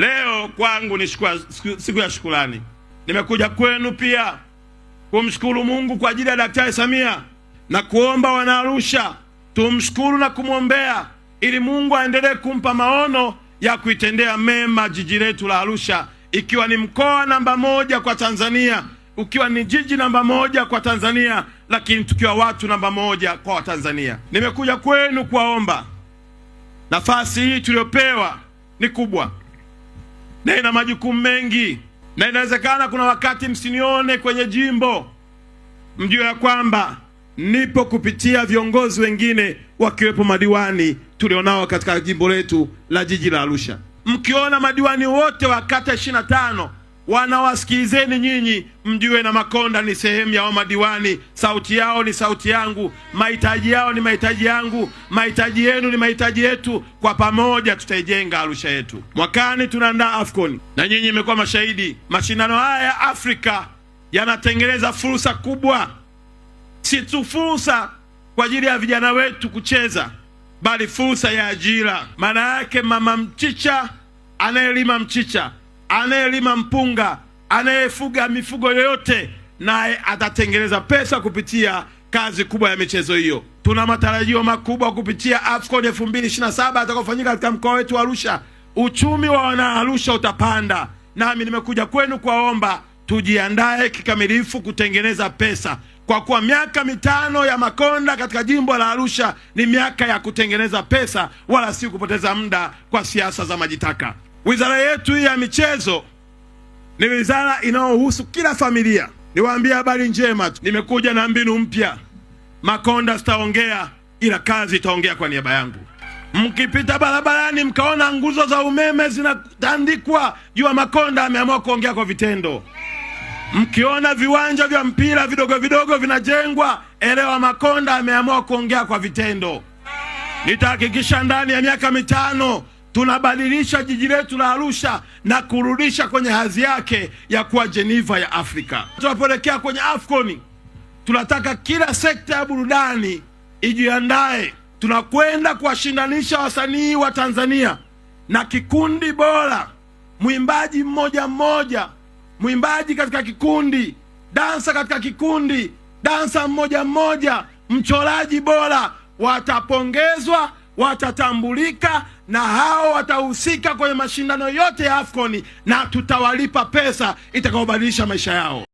Leo kwangu ni shukua, siku ya shukurani. Nimekuja kwenu pia kumshukuru Mungu kwa ajili ya Daktari Samia na kuomba Wanaarusha tumshukuru na kumwombea ili Mungu aendelee kumpa maono ya kuitendea mema jiji letu la Arusha, ikiwa ni mkoa namba moja kwa Tanzania, ukiwa ni jiji namba moja kwa Tanzania, lakini tukiwa watu namba moja kwa Watanzania. Nimekuja kwenu kuwaomba, nafasi hii tuliyopewa ni kubwa na ina majukumu mengi, na inawezekana kuna wakati msinione kwenye jimbo. Mjue ya kwamba nipo kupitia viongozi wengine wakiwepo madiwani tulionao katika jimbo letu la jiji la Arusha. Mkiona madiwani wote wa kata ishirini na tano wanawasikilizeni nyinyi, mjue na Makonda ni sehemu ya wamadiwani. Sauti yao ni sauti yangu, mahitaji yao ni mahitaji yangu, mahitaji yenu ni mahitaji yetu. Kwa pamoja tutaijenga Arusha yetu. Mwakani tunaandaa AFCON na nyinyi imekuwa mashahidi. Mashindano haya ya Afrika yanatengeneza fursa kubwa, si tu fursa kwa ajili ya vijana wetu kucheza, bali fursa ya ajira. Maana yake mama mchicha anayelima mchicha anayelima mpunga, anayefuga mifugo yoyote, naye atatengeneza pesa kupitia kazi kubwa ya michezo hiyo. Tuna matarajio makubwa kupitia AFCON 2027 atakofanyika katika mkoa wetu wa Arusha. Uchumi wa wanaarusha utapanda, nami nimekuja kwenu kuwaomba tujiandae kikamilifu kutengeneza pesa, kwa kuwa miaka mitano ya Makonda katika jimbo la Arusha ni miaka ya kutengeneza pesa, wala si kupoteza muda kwa siasa za majitaka. Wizara yetu ya michezo ni wizara inayohusu kila familia. Niwaambie habari njema tu, nimekuja na mbinu mpya. Makonda sitaongea, ila kazi itaongea kwa niaba yangu. Mkipita barabarani mkaona nguzo za umeme zinatandikwa, jua Makonda ameamua kuongea kwa vitendo. Mkiona viwanja vya mpira vidogo vidogo vinajengwa, elewa Makonda ameamua kuongea kwa vitendo. Nitahakikisha ndani ya miaka mitano tunabadilisha jiji letu la Arusha na kurudisha kwenye hadhi yake ya kuwa Geneva ya Afrika. Tunapoelekea kwenye Afcon, tunataka kila sekta ya burudani ijiandae. Tunakwenda kuwashindanisha wasanii wa Tanzania na kikundi bora, mwimbaji mmoja mmoja, mwimbaji katika kikundi, dansa katika kikundi, dansa mmoja mmoja, mchoraji bora watapongezwa watatambulika na hao watahusika kwenye mashindano yote ya AFCON na tutawalipa pesa itakayobadilisha maisha yao.